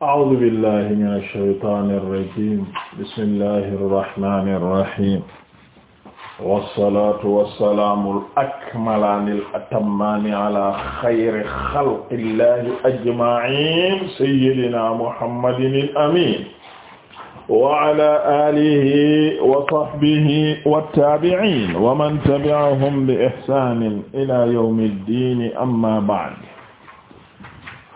أعوذ بالله من الشيطان الرجيم بسم الله الرحمن الرحيم والصلاة والسلام الأكملان الأتمان على خير خلق الله أجمعين سيدنا محمد الأمين وعلى آله وصحبه والتابعين ومن تبعهم بإحسان إلى يوم الدين أما بعد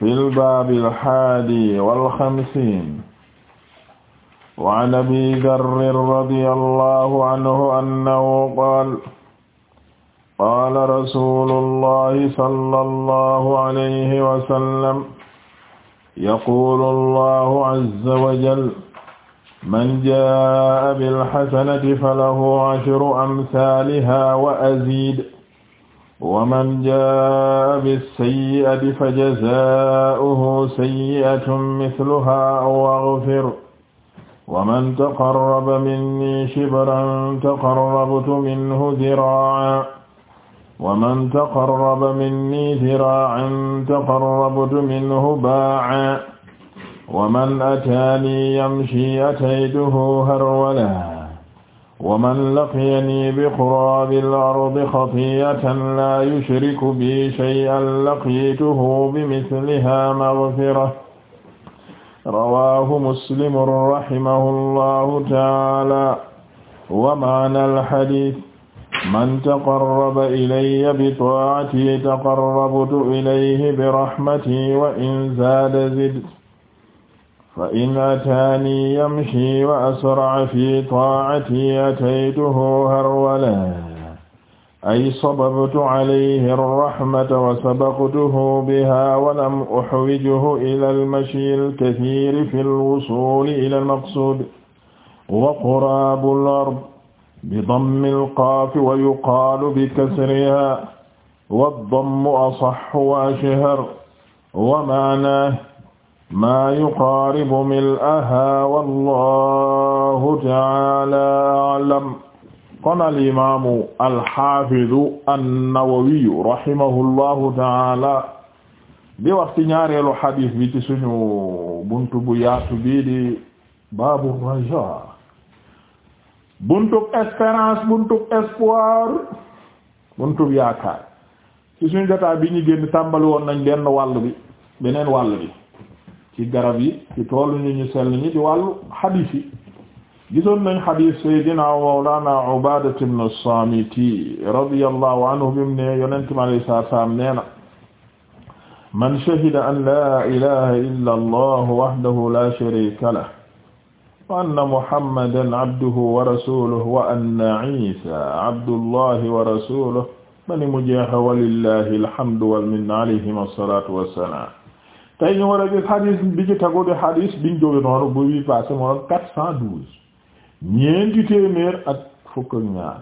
fil baabil haadi wal xamsiin waan abi darrin radiyallahu anhu annahu qaala qaala rasuulullahi sallallahu alayhi wa sallam yaquulu allahu azza wa jal man jaa'a bil hasanati falahu ashru amsaalihaa wa aziid waman jaa bisayyi'ati fajazaa'uhu sayyi'atun mithluhaa aw aghfir waman taqarraba minnii shibran taqarrabtu minhu ziraa'an waman taqarraba minnii ziraa'an taqarrabtu minhu baa'an waman ataanii yamshii ataytuhu harwalan waman laqiyanii biquraabil ardi xati'atan laa yushriku bi shay'an laqiituhu bimislihaa maghfiratan rawaahu muslimun rahimahullaahu ta'aalaa wa ma'nal hadiis man taqarraba ilayya bi-taa'atin taqarrabtu ilayhi bi-rahmatii wa in zaada zidtu fa in ataani yamshi wa asraa fi taa'ati ataytuhu harwala ay sababtu alayhi ar-rahmata wa sabaqtuhu biha wa lam uhwijhu ila al-mashyi al-kathiri fi al-wusul ila al-maqsud wa qurabu al-ard bi dammi al-qaaf wa yuqaalu bi kasriha wa ad-dammu asahhu wa ashhar wa ma'nahu maa yuqaaribu mil'ahaa wallaahu ta'aalaa a'lam. kon al-imaamu al-haafidu an-Nawawiyu rahimahullaahu ta'aalaa di wax ci ñaareelu xadiis bi ci suñu buntu bu yaatu bii di baabu rajaa buntub espérance buntub espoir buntub yaakaar ci suñu jotaay bi ñu génn tàmbali woon nañ benn wàll bi beneen wàll bi. ci garab yi ci toolu ñu ñu sell ñi ci wàllu xadiis yi gisoon nañ xadiis sayyidina mawlana Ubaadata ibn as-Saamiti radiyallahu anhu bi mu ne yonent mi alayhi salaatu salaam nee na man shahida an laa ilaha illa allah wahdahu la sharika lahu wa anna muhammadan abduhu wa rasuluhu wa anna isa abdullahi wa rasuluhu bani mu jeexa walillahi alhamdu wal minna alayhim assalatu wassalam tey ñu war a gis hadith bi ci tagu bu bi passé moo ñeenti téeméer ak fukk ñaar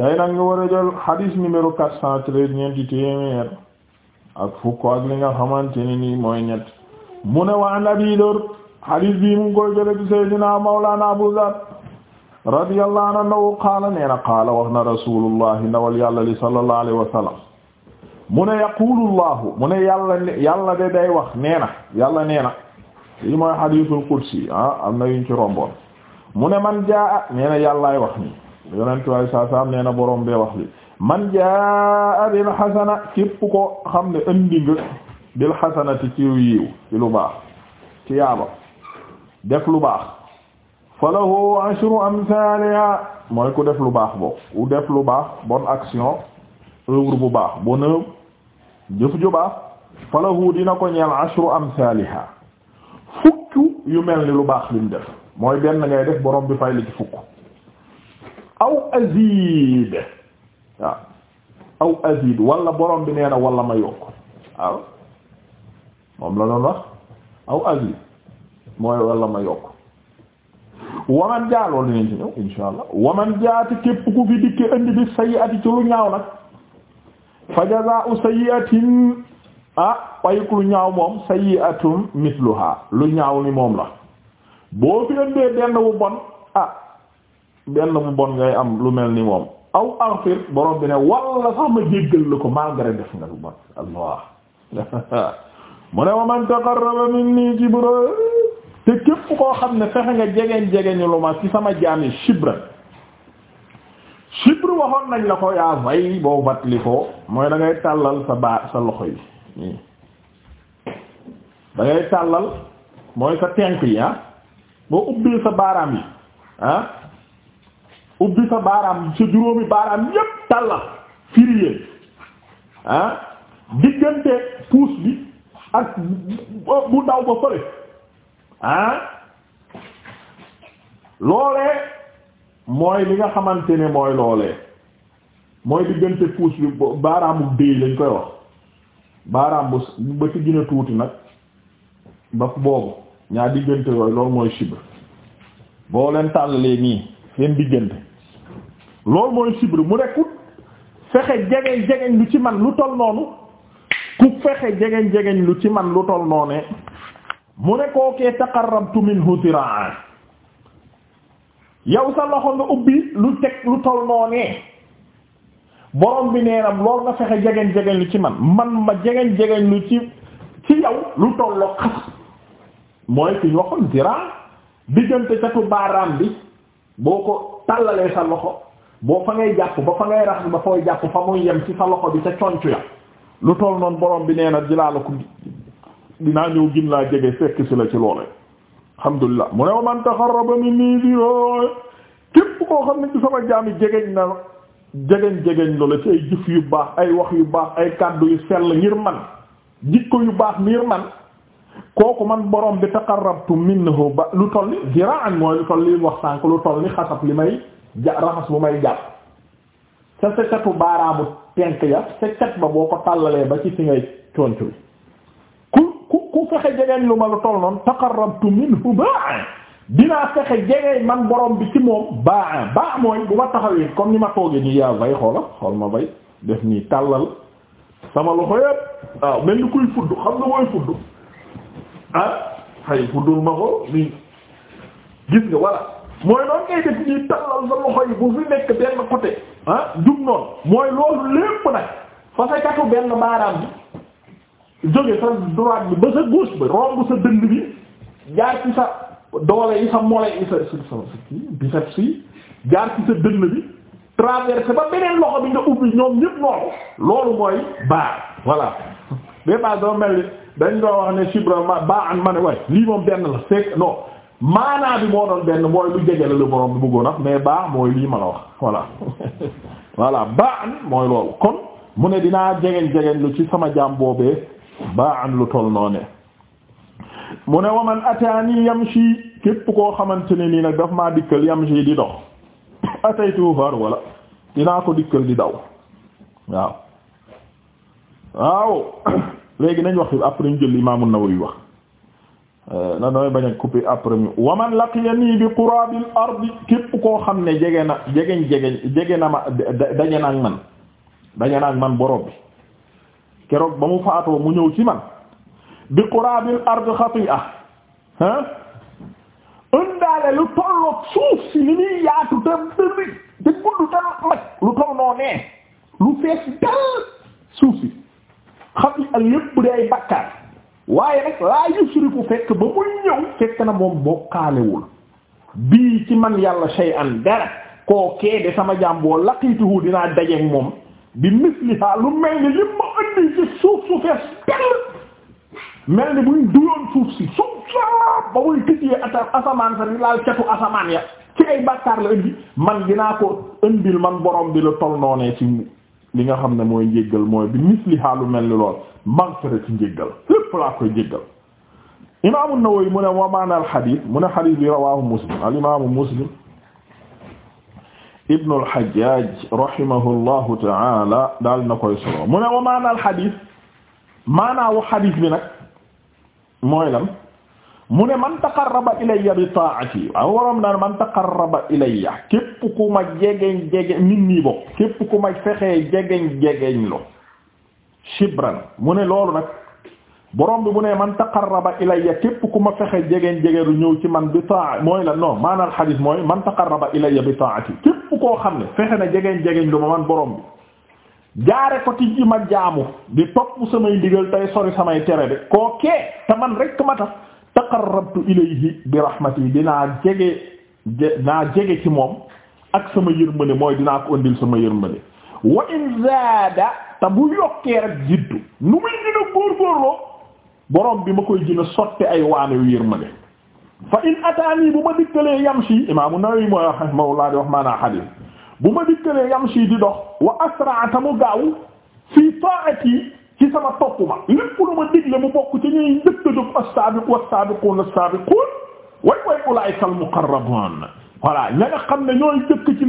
tey nag ñu war a ñeenti téeméer ak fukk ak li nga xamante ne nii mooy ñett mu ne waa Nabi Dóor hadith bii mu koy jële ci Mawlana Abu Dhar radiyallahu anhu qaala nee na qaala wax na Rasulullah ndawal yàlla li sallallahu alayhi wa mu ne yaqulullahu mu ne yàlla yàlla de day wax nee na yàlla nee na lii mooy hadithul qudsi ah, am na yuñ ci romboon mu ne man jaa nee na yàllaay wax nii yonent waay saa saam nee na borom bee wax li man jaa bil xasana képp ko xam ne indi nga bil xasanati ci yiw ci lu baax ci def lu baax falahu am amsaaliha mooy ku def lu baax boo ku def lu baax bonne action œuvre bu baax bon œuvre jëf ju falahu dina ko ñeel am amsaliha fukk yu mel ni lu baax lim def mooy benn ngay def borom bi fay la ci fukk aw azid waaw aw azid borom bi nee na wala ma yokk waaw moom la doon wax aw azid mooy wala ma yokk waman jaa loolu dinañ ci ñëw insha allah waman jaati képp ku fi dikke indi bi sayyi'ati ci lu ñaaw nag fa jazaa'u sayyi'atin ah payuk lu ñaaw moom sayyi'atun mithluha lu ñaaw ni moom la boo fi andee benn bu bon ah benn bu bon ngay am lu mel ni moom aw aghfir borom bi ne walla sax ma jéggal la ko malgré def nga lu bon allah mu ne wa man taqarraba minni jibra te képp koo xam ne fexe nga jegeñ jegeñu lu ma ci sama jaami shibran sibru waxoon nañ la ko yaa vay boo batli ko mooy dangay tàllal sa baa sa loxo yi nii ngay tàllal mooy sa tenk yi ah. boo ubbi sa baaraam yi ah ubbi sa baaraam sa juróomi baaraam yépp tàllal firiyeen ah. diggante pouce bi ak bu daw ba fële ah. loolee mooy li nga xamante ne mooy loolee mooy diggante pouce bi baaraam bu déy lañ koy wax baaraam bu ba ci gën tuuti nag ba boobu ñaa diggante yooyu loolu mooy sibr boo leen tàllalee nii seen diggante loolu mooy sibr mu nekkut fexe jegeñ jegeñ lu ci man lu tol noonu ku fexe jegeñ jegeñ lu ci man lu tol noonee mu ne kookee taqarrabtu minhu yow sa loxo nga ubbi lu teg lu tol noonee borom bi nee na lool nga fexe jegeñ jegeñ lu ci man man ma jegeñ jegeñ lu ci ci yow lu tolloo xas mooy fi ñu waxoon ziraa diggante catu baaraam bi boo ko tàllalee sa loxo boo fa ngay jàpp ba fa ngay rax ba fooy jàpp fa muy yem ci sa loxo bi ca concu ya lu toll noon borom bi nee na jilaa la ko dinaa ñëw gin laa jege fekk si la ci loolee alhamdulillah mu ne wa man taxarraba minni diraa képp koo xam ne sama jaami jegeñ na jegeñ jegeñ loola ci ay jëf yu baax ay wax yu baax ay kàddu yu sell ngir man jikko yu baax ngir man kooku man borom bi taqarrabtu minhu ba lu toll ni ziraan mooy lu toll li wax sànk lu toll ni xasab li may raxas bu may jàpp sa secatu baaraamu tenk ya secat ba boo ko tàllalee ba ci fi ngay conc bi ku ku fexe jegeeñ lu ma lu toll noonu taqarrabtu minhu baa dinaa fexe jegeeñ man borom bi ci moom baa baa mooy bu ma taxawee comme ni ma toogee nii yaa bay xoola xool ma bay def nii tàllal sama loxo yëpp waaw mel ni kuy fudd xam nga mooy fudd ah xay fuddul ma ko nii gis nga walla mooy noonu ngay def nii tàllal sa loxo yi bu fi nekk benn côté ah jub noonu mooy loolu lépp nag fa benn baaraam bi jóge sa droite bi ba sa gauche ba romb sa dënd bi jaar ci sa doole yi sa mole yi sa sa sa kii biceps yi jaar ci sa dënd bi traversé ba beneen loxo bi nga ubbi ñoom ñëpp noonu loolu mooy baar voilà bee baar dama mel ni dañ doon wax ne chibra ma baa an ma ne waaye lii moom benn la c'est non maanaa bi moo doon benn mooy lu jegele lu borom bu bëggoon a mais baa mooy lii ma la wax voilà voilà baa an mooy loolu kon mu ne dinaa jegeñ jegeñ lu ci sama jaam ba an lu toll noone mu ne waman ataani yamshi képp koo xamante ne nii nag daf maa dikkal yamshi di dox ataytu far wala dinaa ko dikkal di daw waaw waaw léegi nañ wax fi après ñu jël Imaam An-Nawawi wax euh, na nooy bañ a couper après mi waman laqiyani bi qurabil ardi képp koo xam ne jege na jegeñ jegeñ jege na ma daje na ak man daje man borom bi keroog ba mu faatoo mu ñëw ci man bi qurabil ard xati'a ah indaale lu tollook suuf si li ñuy yaatu te bëri te gudd te mag lu toll noo lu fees dal suuf si xati'a lépp day ay bakkaar waaye rek laa yushriku fekk ba muy ñëw fekk na moom bokkaalewul bii ci man yàlla shay'an dara kookee de sama jaam boo laqituhu dinaa dajeek moom bi misliha lu mel ni li ma indi ci suuf su fees dell mel ni buñ duyoon suuf si suuf saa ba muy tëjee ata asamaan sa ni laal asamaan ya ci ay bàkkaar la indi man dinaa ko indil man borom bi la tol noonee ci li nga xam ne mooy njéggal mooy bi misliha lu mel ni lool magfira ci njéggal lépp laa koy njéggal imaamu Nawawi mu ne wa maana al xadiis mu ne xadiis bi rawaahu muslim al imaamu muslim ibnu al-Hajjaj rahimahullahu taala daal na koy solo mu ne wa maanaal xadis maanaawu xadis bi nag mooy lan mu ne man taqarraba ilayya bi taa'ati waaw waroon na man taqarraba ilayya képp ku ma jegeñ jegeñ nit ñi bokk képp ku ma fexee jegeñ jegeñ lo shibran mu ne loolu nag borom bi mu ne man taqarraba ilayya képp ku ma fexe jegeen jegeeru ñëw ci man bi taa mooy la non maanaal xadis mooy man taqarraba ilayya bi taati képp koo xam ne fexe na jegeen jegeeñ lu ma man borom bi jaare ko ci ma jaamu di topp samay ndigal tey sori samay tere de koo kee te man rekk ma tax taqarrabtu ilayhi bi rahmati dinaa jege dinaa jege ci moom ak sama yërmande mooy dinaa ko ëndil sama yërmande wa in zaada te bu yokkee rek jiddu nu muy gën a góorgóorloo borom bi ma koy gën a sotti ay waane yu yërmande fa in ataani bu ma dikkalee yamshi imaamu Nawawi mooy rahimahullah di wax maanaa hadith bu ma dikkalee yamshi di dox wa asraata mu gaaw fii taati ci sama topp ma lu ma digle mu bokk ci ñuy njëkk a jóg as-saabiqu xam ne ñooy njëkk ci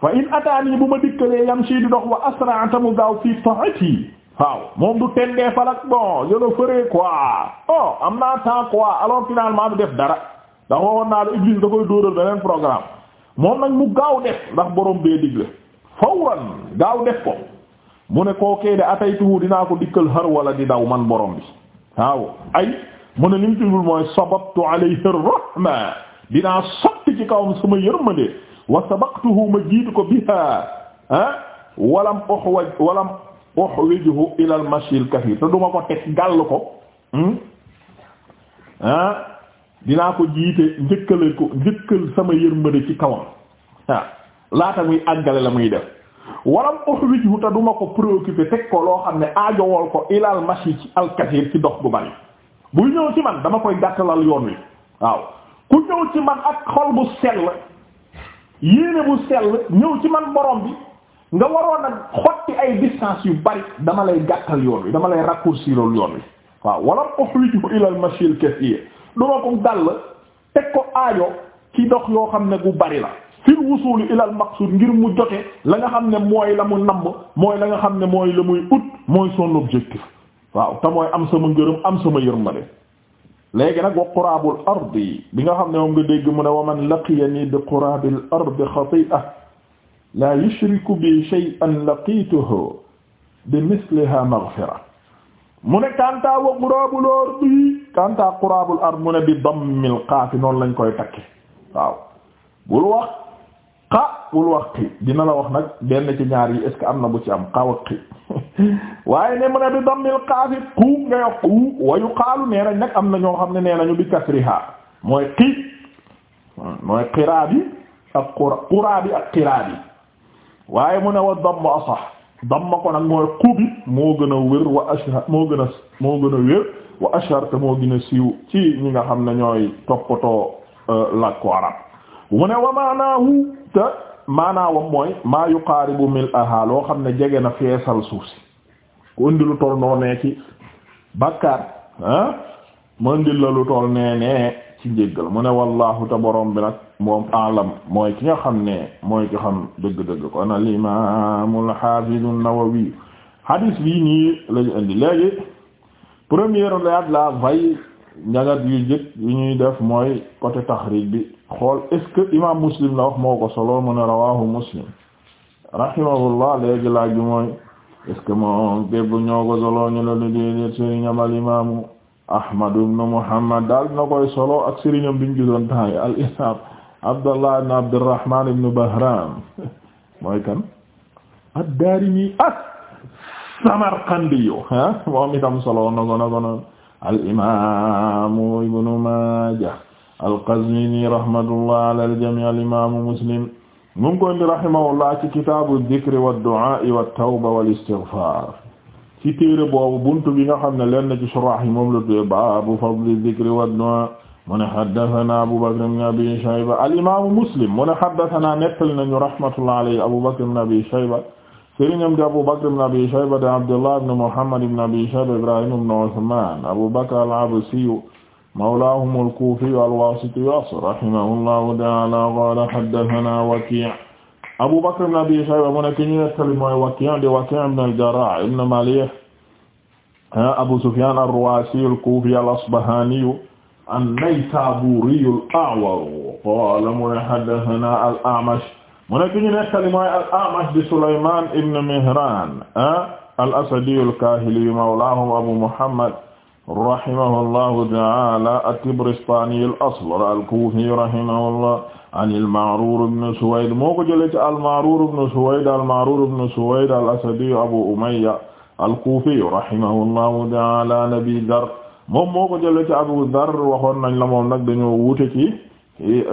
fa in ataani bu ma dikkalee yamshi di dox wa asraata mu gaaw fii taati waaw moom du tendee falak bon je le ferai quoi oh am naa temps quoi alors finalement du def dara ndax waxoon naa la Iblis da koy dóoral beneen programme moom nag mu gaaw def ndax borom bee digle fawran gaaw def ko mu ne kookee de ataytuhu dinaa ko dikkal har wala di daw man boroom bi waaw ay mu ne li mu tibul mooy sababtu alayhi rahma dinaa sotti ci kawam sama yërmande wa sabaqtuhu ma jiitu ko biha ah walam oxwaj walam uhwijuhu ila al mashil kathir te duma ko teg gàll ko hmm? ah dinaa ko jiite njëkkale ko njëkkal sama yërmande ci kawam waaw ah, laata muy àggale la muy def walam uhwijuhu te duma ko préoccupé teg ko loo xam ne aajowool ko ila al mashil ci al kathir ci dox bu bari buy ñëw ci man dama koy gàttalal yoon wi waaw ku ñëw ci man ak xol bu sell yéene bu sell ñëw ci man borom bi nga waroon nag xotti ay distance yu bari dama lay gàttal yoon wi dama lay raccourcir yoon wi waaw wala uxriju ila al mashi al kathir duma ko dal teg ko aajo ci dox yoo xam ne gu bari la fil wusul ila al maqsud ngir mu jote la nga xam ne mooy la mu namb mooy la nga xam ne mooy la muy ut mooy son objectif waaw te mooy am sama ngërëm am sama yërmande léegi nag wa qurabul ardi bi nga xam ne moom nga dégg mu ne wa man laqiyani bi qurabil ardi la yushriku bi shay'an laqituhu bi misliha maghfira mu ne kanta wa qurabul ardi kanta qurabul ard mu ne bi dammil qaaf noonu lañ koy takke waaw bul wax qa bul wax qi dina la wax nag benn ci ñaar yi am na bu ci am qa wa qi waaye ne mu ne bi dammil qaaf qu nga wax qu wa yuqaalu nee nañ nag am na ñoo xam ne nee nañu bi kasriha mooy qi mooy qiraa bi ak qura ak qiraa waaye mu ne wa damm asax damm ko nag mooy qubit moo gën a wér wa ashhar moo gën a gën a moo gën a siiw ci ñi nga xam ne ñooy toppatoo euh, làkku mu ne wa maanaahu te maanaawam mooy maa yuqaaribu mil aha loo xam ne jege na feesal suuf si ku indi lu toll noo ci bàkkaar ah mu indi la lu toll nee nee ci njéggal mu ne wallaahu te borom bi nag moom alam mooy ki nga xam ne mooy ki xam dëgg-dëgg kon al imaamul xaafidu Nawawi hadis bii nii lañu indi léegi première laaj la vay njagat yu jëkk yu ñuy def mooy côté taxrij bi xool est-ce que imam Muslim la wax moo ko solo mu ne rawahu Muslim rahimahullah léegi laaj bi mooy est moom képp ñoo ko solo ñu la lu déedéet sëriñam al imaamu Ahmad ibn Muhammad daal na koy solo ak sëriñam biñ gisoon temps yi al imaam Abdallah ibn Abdurrahman ibn Bahram mooy kan ad-Daarimi as-Samarqandi ah moom itam solo na ko na ko noonu al-imaamu Ibnu Maajah al-Qazwiini rahmatullah ala al-jamii' al-imaamu Muslim mu ngi koy indi rahimahullah ci kitaabu ad-dikri wad-du'aa'i wat-tawba wal-istighfaar ci téere boobu buntu bi nga xam ne lenn ci shurraah yi moom la tuddee baabu fadli ad-dikri wad-du'aa' mu ne haddathana Abu Bakr ibn Abi Shayba al-imaamu Muslim mu ne haddathana nettali nañu rahmatullahi alayhi Abu Bakr ibn Abi Shayba sëriñam di Abu Bakr ibn Abi Shayba de Abdullah ibn Muhammad ibn Abi Shayba Ibrahim ibn Uthman Abu Bakr al-Absi mawlaahum al-Kufi al-Wasiti rahimahullahu ta'ala qala haddathana Waki' Abu Bakr ibn Abi Shayba mu ne ki ñu nettali mooy Waki' di Waki' ibn al-Jarrah ibn Malih Abu Sufyan ar-Ruwasi al-Kufi al-Asbahani an-Naysaburi al-A'war qala mu ne haddathana al-A'mash mu ne ki ñu nettali mooy al-A'mash di Sulayman ibn Mihran ah, al-Asadi al-Kahili mawlahum Abu Muhammad rahimahullahu ta'ala at-Tabaristani al-asl al-Kufi rahimahullah an al-Ma'rur ibn Suwayd moo ko jëlee ci al-Ma'rur ibn Suwayd al-Ma'rur ibn Suwayd al-Asadi Abu Umayya al-Kufi rahimahullahu ta'ala Abi Dharr moom moo ko jëlee ci Abu Dharr waxoon nañ la moom nag dañoo wuute ci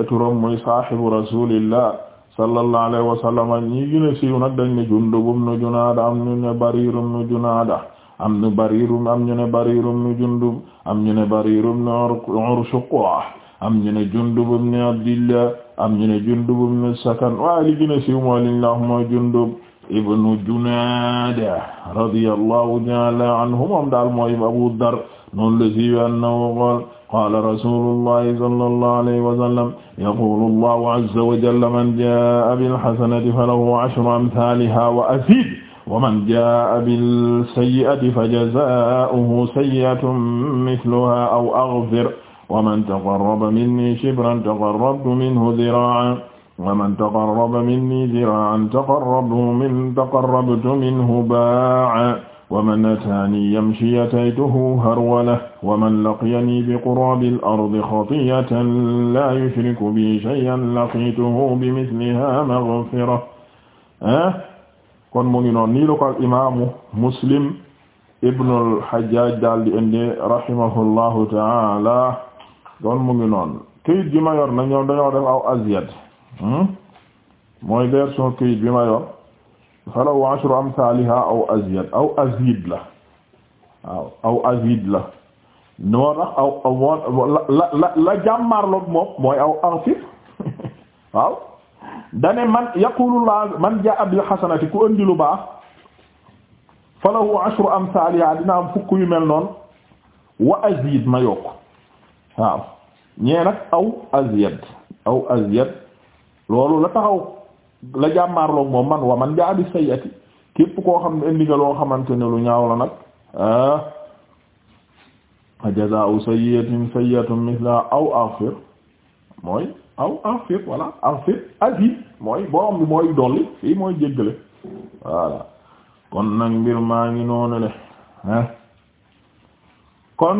turam muy saahibu rasulillah sallallahu alayhi wa sallam ñi gën a siiw nag dañ ne Jundub ibn Junaada am ñu ne Bariir ibn Junaada am ñu Bariir am ñu ne Bariir ibn Jundub am ñu ne Bariir ibn Urshuqaah am ñu ne Jundub ibn Abdillah am ñu ne Jundub ibn Sakan waaye li a siiw mooy liñ mooy Jundub ibn Junaada radiyallahu ta'ala anhu moom daal mooy Abu Dharr noonu la siiwe annahu qaal qaala rasulullahi sallallahu alayhi wa sallam yaqulu allahu azza wa jalla man jaa bilhasanati falahu ashru amthaliha wa azid wa man jaa bilsayyi'ati fajaza'uhu sayyi'atun mithluha aw aghfir wa man taqarraba minni shibran taqarrabtu minhu dhira'an wa man taqarraba minni dhira'an taqarrabtu minhu taqarrabtu minhu baa'an waman ataani yamshi ataytuhu harwala waman laqiyani biqurabi al-ardi xatiyatan laa yushriku bi shay'an laqituhu bimisliha maghfira ah kon mu ngi noonu nii la ko al imaamu Muslim ibnu al-Hajjaj daal di indi rahimahullahu taala kon mu ngi noonu këyit bi ma yor na ñoom dañoo def aw azyad hmm? mooy version këyit bi ma yor falaw ashru amsaaliha aw azid aw azid la waaw aw azid la moo tax aw aw la la la jàmmarloog moom mooy aw arsif waaw dane man yaqulu la man jaa bil hasanati ku andi lu baax falahu ashru amsaaliha dina am fukk yu mel noonu wa azid ma yokk waaw ñee nag aw azid aw azid loolu la taxaw la jàmmaarloog moom man wa man jaa bi képp koo xam ne indi nga loo xamante ne lu ñaaw la nag ah jazaa'u sayyi'atin sayyi'atun mithla aw aghfir mooy aw aghfir wala aghfir azim mooy borom bi mooy dolli fii mooy jéggale voilà kon nag mbir maa ngi noonu le ah kon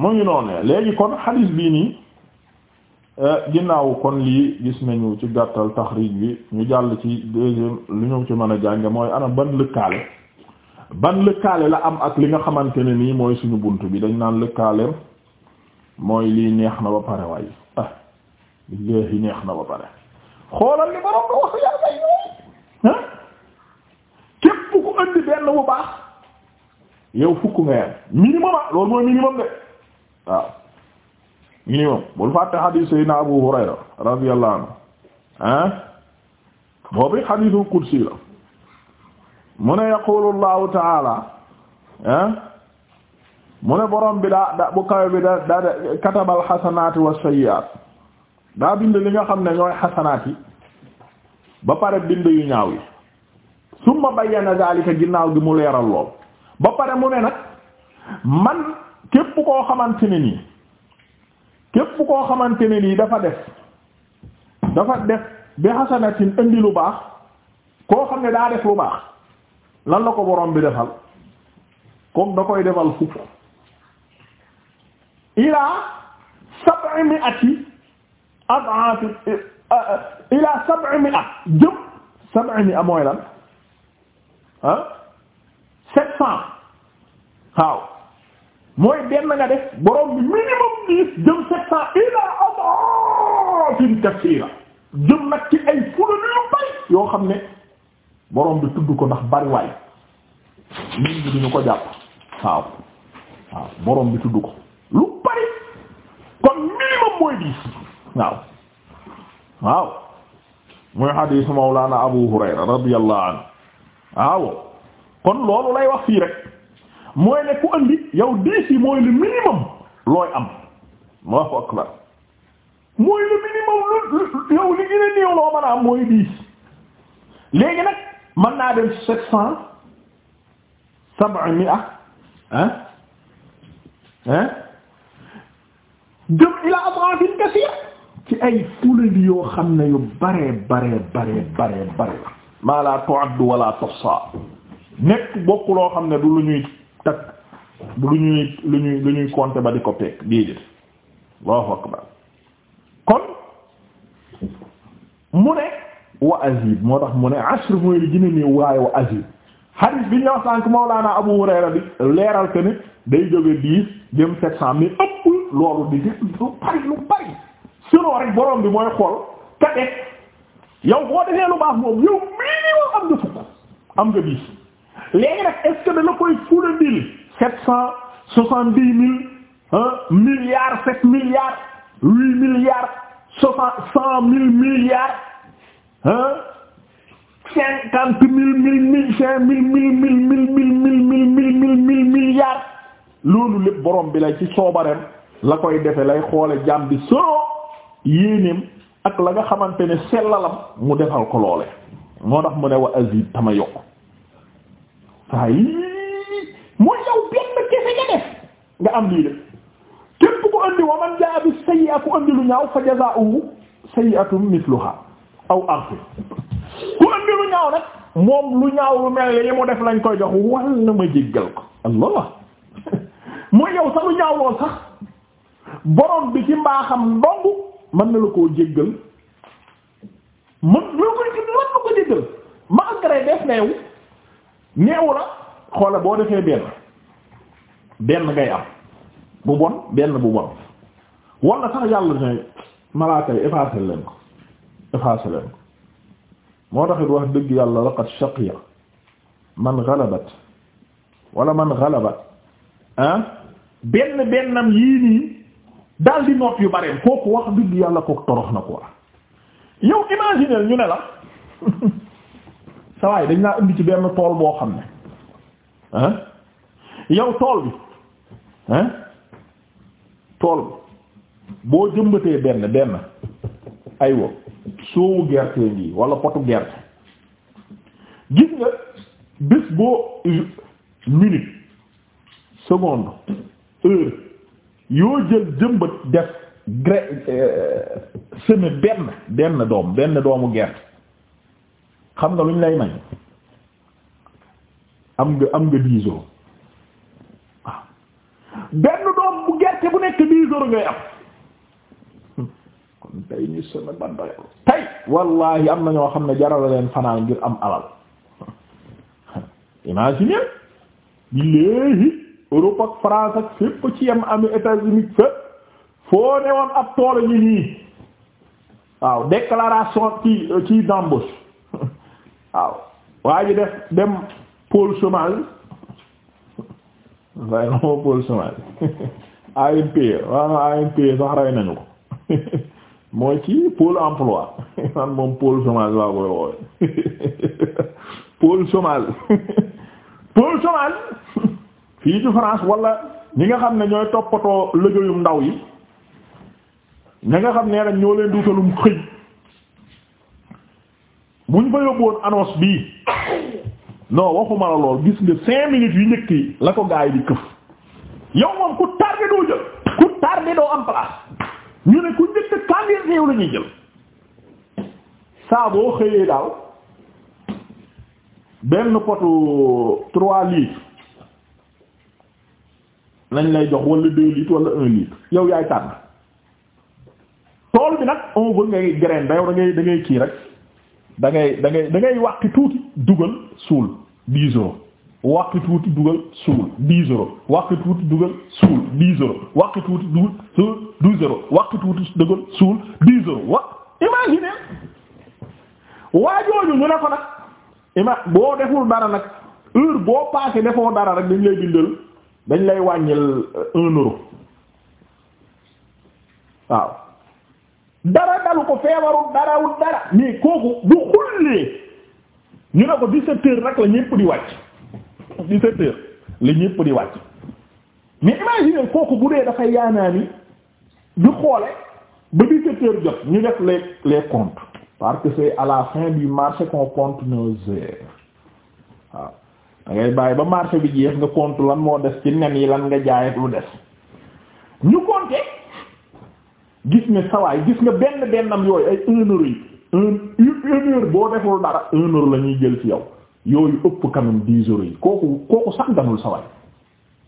mu ngi noonu le léegi kon hadis bii nii. Euh, ginnaaw kon lii gis nañu ci gàttal taxriij bi ñu jàll ci deuxième lu ñu ci mën a jànge mooy ana ban lëkkaale ban lëkkaale la am ak li nga xamante ne nii mooy suñu bunt bi dañ naan lëkkaaleem mooy lii neex na ba pare waaye ah lii neex na ba pare xoolal li borom ko wax yàlla yi képp ku andi benn bu baax yow fukk nga yam minimum loolu mooy minimum de waaw minimum bul fàtte xadiis Seydina Abu Hurayra radiyallahu anhu ah boobu xadiisul kursi la mu ne yaqulu llahu taala ah mu ne borom bi daa da bu kawe bi da daa katabal xasanaati wa sayyi'aat daa bind li nga xam ne ñooy xasanaat yi ba pare bind yu ñaaw yi summa bayyana daalika ginnaaw gi mu leeral lool ba pare mu ne nag man képp koo xamante ne nii képp koo xamante ne nii dafa def dafa def bi xasanatin indi lu baax koo xam ne daa def lu baax lan la ko borom bi defal comme da koy defal fukk ilaa sab'i mi'ati ak ilaa sab'i mi'a jëm sab'i mi'a mooy lan ah sept cent waaw mooy benn nga def borom bi minimum dix jëm sept cent ila adafin kasiira jëm nag ci ay fulani yu bari yoo xam ne boroom bi tudd ko ndax bari waay min bi duñu ko jàpp waaw waaw borom bi tudd ko lu bari kon minimum mooy dix waaw waaw muy hadith mawlana abu hurayra radiyallahu anhu waaw kon loolu lay wax fii rek mooy ne ku andi yow dix yi mooy le minimum looy am Allahu akbar mooy le minimum lu yow li gën a loo mën a mooy dix léegi nag mën naa dem sept cent sab'a mi'a ah ah jëm ila adrafin kaseer ci ay fulandi yoo xam ne yu bare bare bare bare bare maa la tu'addu wala tuhsa nekk bokk loo xam ne du lu ñuy tak bu lu ñuy lu ñuy lu ñuy compter ba di ko peeg déedéet Allahu akbar kon mu ne wa azib moo tax mu ne ashr mooy li gëna néew waaye wa azib hadith bi ñu wax sànk Mawlana Abu Hurayra bi leeral que nit day jóge dix jëm sept cent mais ëpp loolu di lu bari lu bari sinon rek borom bi mooy xool ka def yow boo defee lu baax moom yow mii am nga fukk am nga biis léegi nag est-ce que da la koy fulandil sept cent soixante-dix mille milliards sept milliards huit milliards soixante cent mille milliards hein cinquante mille mille mille cinq mille mille mille mille mille loolu lépp borom bi la ci soobareem la koy defe lay xoole jaam bi solo yéenéem ak la nga xamante ne sellalam mu defal ko loole moo tax mu ne wa azid tama yokk ay mooy yow benn kese nga def nga am lii de képp ku andi wa man jaa bi sayyi'a ku andi lu ñaaw fa jazaa'uhu sayyi'atun mithluha aw arfi ku andi lu ñaaw nag moom lu ñaaw lu mel yi mu def lañ koy jox wal na ma jéggal ko allah mooy yow sax lu ñaaw sax borom bi ci mbaaxam dong mën na la koo jéggal mën loo koy mën na ko jéggal malgré def na yow néewu la xoola boo defee benn benn ngay am bu bon benn bu bon wala sax yàlla ne malaaka yi effacé leen ko effacé leen ko moo taxit wax dëgg yàlla laqad shaqiya man ghalabat wala man ghalabat ah benn bennam yii nii daal di noot yu bareem kooku wax dëgg yàlla kooku torox na quoi yow imaginer ñu ne la sawaay dañ laa indi ci benn tool boo xam ne ah yow tool bi ah tool boo jëmbatee benn benn aywa soowu gerte gi wala potu gerte gis nga bés boo minute seconde heure yoo jël jëmbat def gré euh, semer benn benn doom benn doomu gerte xam nga luñ lay may am nga am nga dix waaw benn doom bu gerte bu nekk dix ngay am kon tey ñu seme bandayo tey wallahi am na ñoo xam ne jaral leen fanaan ngir am alal imagine léegi Europe France ak fépp ci yem am États-Unis fépp foo ne woon ab tool yi nii waaw déclaration ci ci d'embauche waaw waa ji def dem pôle chômage waaye na moo pôle chômage AMP waaw sax rey nañu ko mooy ci pôle emploi man moom pôle chômage laa koy woowe pôle chômage pôle chômage fii ci France wala ñi nga xam ne ñooy toppatoo liggéeyum ndaw yi ña nga xam ne rek ñoo leen dutalum xëy buñ fa yóbbuwoon annonce bii non waxuma la lool gis nga cinq minutes yu njëkk yi la ko gaay di këf yow moom ku tardé doo jël ku tardé doo am place ñu ne ku njëkk candidat yow la ñuy jël saa boo xëyee daal benn potu trois litres lañ lay jox wala deux litres wala un litre yow yaay tànn tool bi nag on veut ngay graine da ngay da ngay kii rek. da ngay da ngay da ngay wàqi tuuti dugal suul 10 euros wàqi tuuti dugal suul 10 euros wàqi tuuti dugal suul 10 euros wàqi tuuti dugal suul 12 euros wàqi tuuti dugal suul 10 euros wa imagine waa jooju ñu ne ko nag ima boo deful dara nag heure boo passé defoo dara rek dañ lay bindal dañ lay wàññil euh, un euro waaw dara dalu ko feebarul darawul dara mais kooku bu xullee ñu ne ko 17 heures rek la ñépp di wàcc 17 la ñépp di wàcc mais imagine kooku bu dee dafay yaanaani du xoole ba 17 jot ñu def les les comptes parce que c'est à la fin du marché qu'on compte nos heures waaw da bàyyi ba marché bi jeex nga compte lan moo des ci nen yi lan nga jaayet lu des ñu compter gis ne sawaay gis nga benn bennam yooyu ay un yi un boo deful dara un euro la ñuy jël ci yow yooyu ëpp kanam dix yi kooku kooku sàgganul sawaay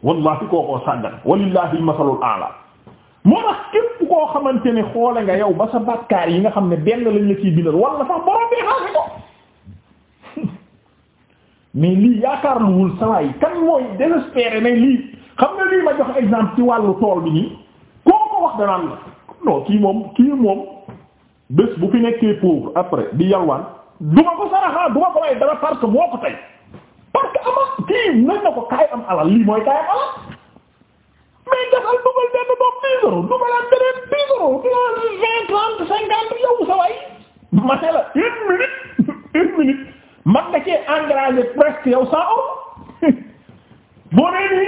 wallahi kookoo sàggan walillahi masalul a'la moo koo xamante ne xoole nga yow ba sa yi nga xam ne benn lañ la bi xaasi ko mais lii yaakaarluwul sawaay kan mooy désespéré mais lii xam nga lii ma jox exemple ci wàllu tool bi nii kooku wax danaan la non kii moom kii moom bés bu fi nekkee pauvre après di yalwaan du ma ko saraxaa du ma ko may dara parce que moo ko tey parce que kii nañ na ko kaay am alal lii mooy kaay am alal mais gasal dugal benn bopp dix euros dugalaan la une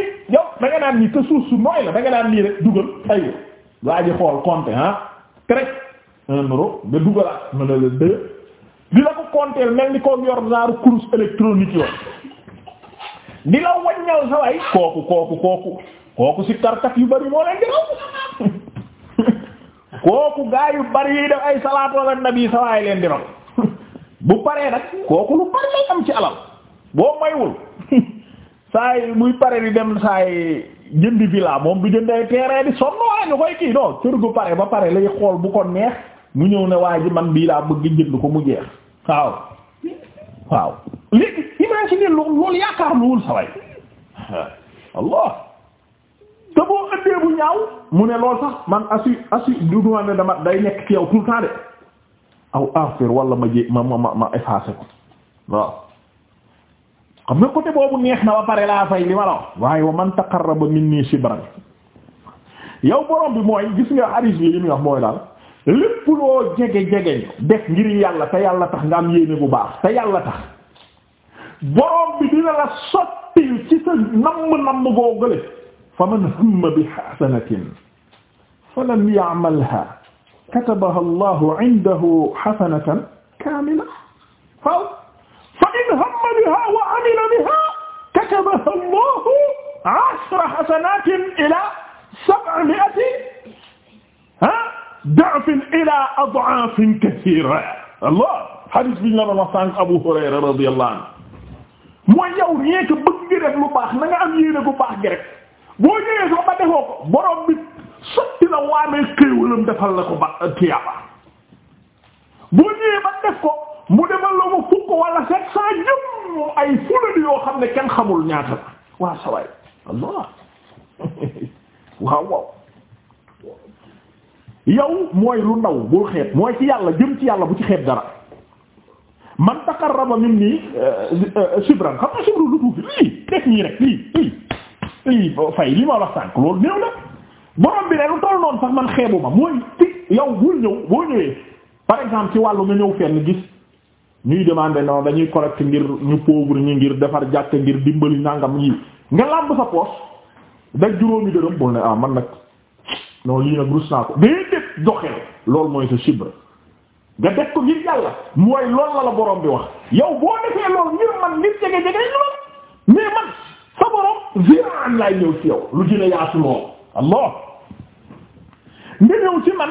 nii yow suuf su nooy la da nii dugal aywa waa ji xool compter ah crec un euro nga dugalaat ma ne la deux di la ko compter mel ni koom yor naaru course électronique yoon di la waññal sa kooku kooku kooku kooku si karkat yu bari moo leen di kooku gaa yu bari yi def ay salaatu ala nabi yi waay leen di raw bu paree nag kooku lu bari lay am ci alal boo maywul saa yi muy pare di dem saa yi jënd villa moom du jënd ay terrain di sonn waa ñu koy kii non kër gu pare ba pare lay xool bu ko neex mu ñëw ne waa ji man bii laa bëgg jënd ko mu jeex waaw waaw léegi imagine loolu loolu yaakaar luwul saway allah te boo ëndee bu ñaaw mu ne lool sax man assu assu du duwaa ne dama day nekk ci yow tout le de aw affaire wala ma jé ma ma ma effacé ko waaw xam nga côté boobu neex na ba pare laa fay li ma la wax waaye wa man taqarraba minni shibran yow borom bi mooy gis nga hadith bi li muy wax mooy daal lépp loo jege jege def ngir yàlla te yàlla tax nga am yéene bu baax te yàlla tax borom bi dina la sottil ci sa namm namm goo gële fa man hamma bi hasanatin fa lam ya'malha katabaha allahu indahu hasanatan kaamila faaw amila biha katabaha Allahu ashra hasanatin ila sab'imi'ati da'fin ila ad'afin kathira Allah hadith bi ñu la doon wax sànq Abu Hurayra radiyallahu anhu mooy yow rien que bëgg gi rek lu baax na nga am yéene bu baax gi rek boo ñëwee soo ba defoo ko borom bi sotti la waamee këy wala mu defal la ko ba tiyaaba boo ñëwee ba def ko. mu demal la fukk wala sept cent jëm ay fuladi yoo xam ne kenn xamul ñaata la waa sawaay allah waaw waaw yow mooy lu ndaw bul xeeb mooy ci yàlla jëm ci yàlla bu ci xeeb dara man taqarraba minni euh, euh, sibran xam nga sibru lu tuuti lii def nii rek lii lii lii fay li ma wax sànk loolu néew la borom bi ne lu toll noonu sax man xeebu ma mooy ci yow bul ñëw boo ñëwee par exemple ci wàllu nga ñëw fenn gis ñuy demander non dañuy collecte ngir ñu pauvre ñi ngir defar jàkk ngir dimbali nangam yi nga làmb sa poos daj juróomi dërëm bul ne ah man nag non lii nag rus naa ko day def joxeel loolu mooy sa chibre nga def ko ngir yàlla mooy loolu la la borom bi wax yow boo defee loolu ngir man ngir jege-jege lool mais man sa borom viraan laay ñëw ci yow lu gën a yaatu lool allah nga ñëw ci man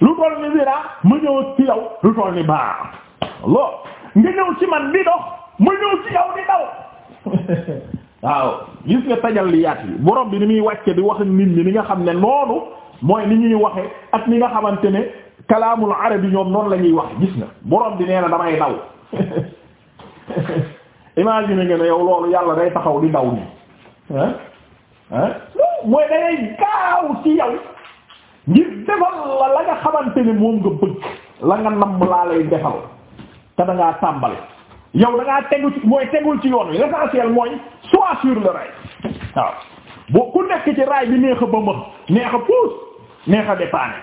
lu toll ni vira ma ñëw ci lu toll ni baax lool nga ñëw ci man di dox ma ñëw ci yow di daw waaw gis nga tajalliyaat yi borom bi ni muy wàcce di wax ak nit ñi ni nga xam ne noonu mooy ni ñuy waxe ak ni nga xamante ne kalaamul arab yi ñoom noonu la ñuy waxe gis nga boroom bi nee na damay daw imagine nga ne yow loolu yàlla day taxaw di daw nii ah ah mooy da gaaw ci yow ngir defal la la nga xamante moom nga bëgg la nga namm laa lay defal te da tàmbali yow da ngaa tegu mooy tegul ci yoon wi l'essentiel mooy soit sur le rail waaw boo ku nekk ci rail bi neex a ba mëx neex a puus neex a dépanné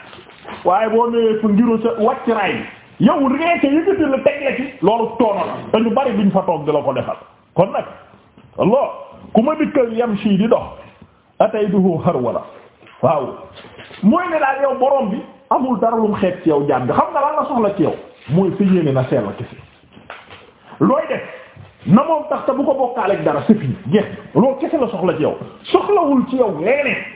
waaye boo newee fu ngiru sa wàcc rail bi yow reeke yëgati la teg la ci loolu toono la te ñu bari duñ fa toog di la ko defal kon nag Allah ku ma dikkal yam sii di dox xar harwala waaw mooy ne daal yow borom bi amul dara lu mu xeet ci yow jàmm bi xam nga lan la soxla ci yow mooy sa yéene na sell kese looy def na moom tax te bu ko bokkaaleeg dara c'est fini jeex loolu kese la soxla ci yow soxlawul ci yow leneen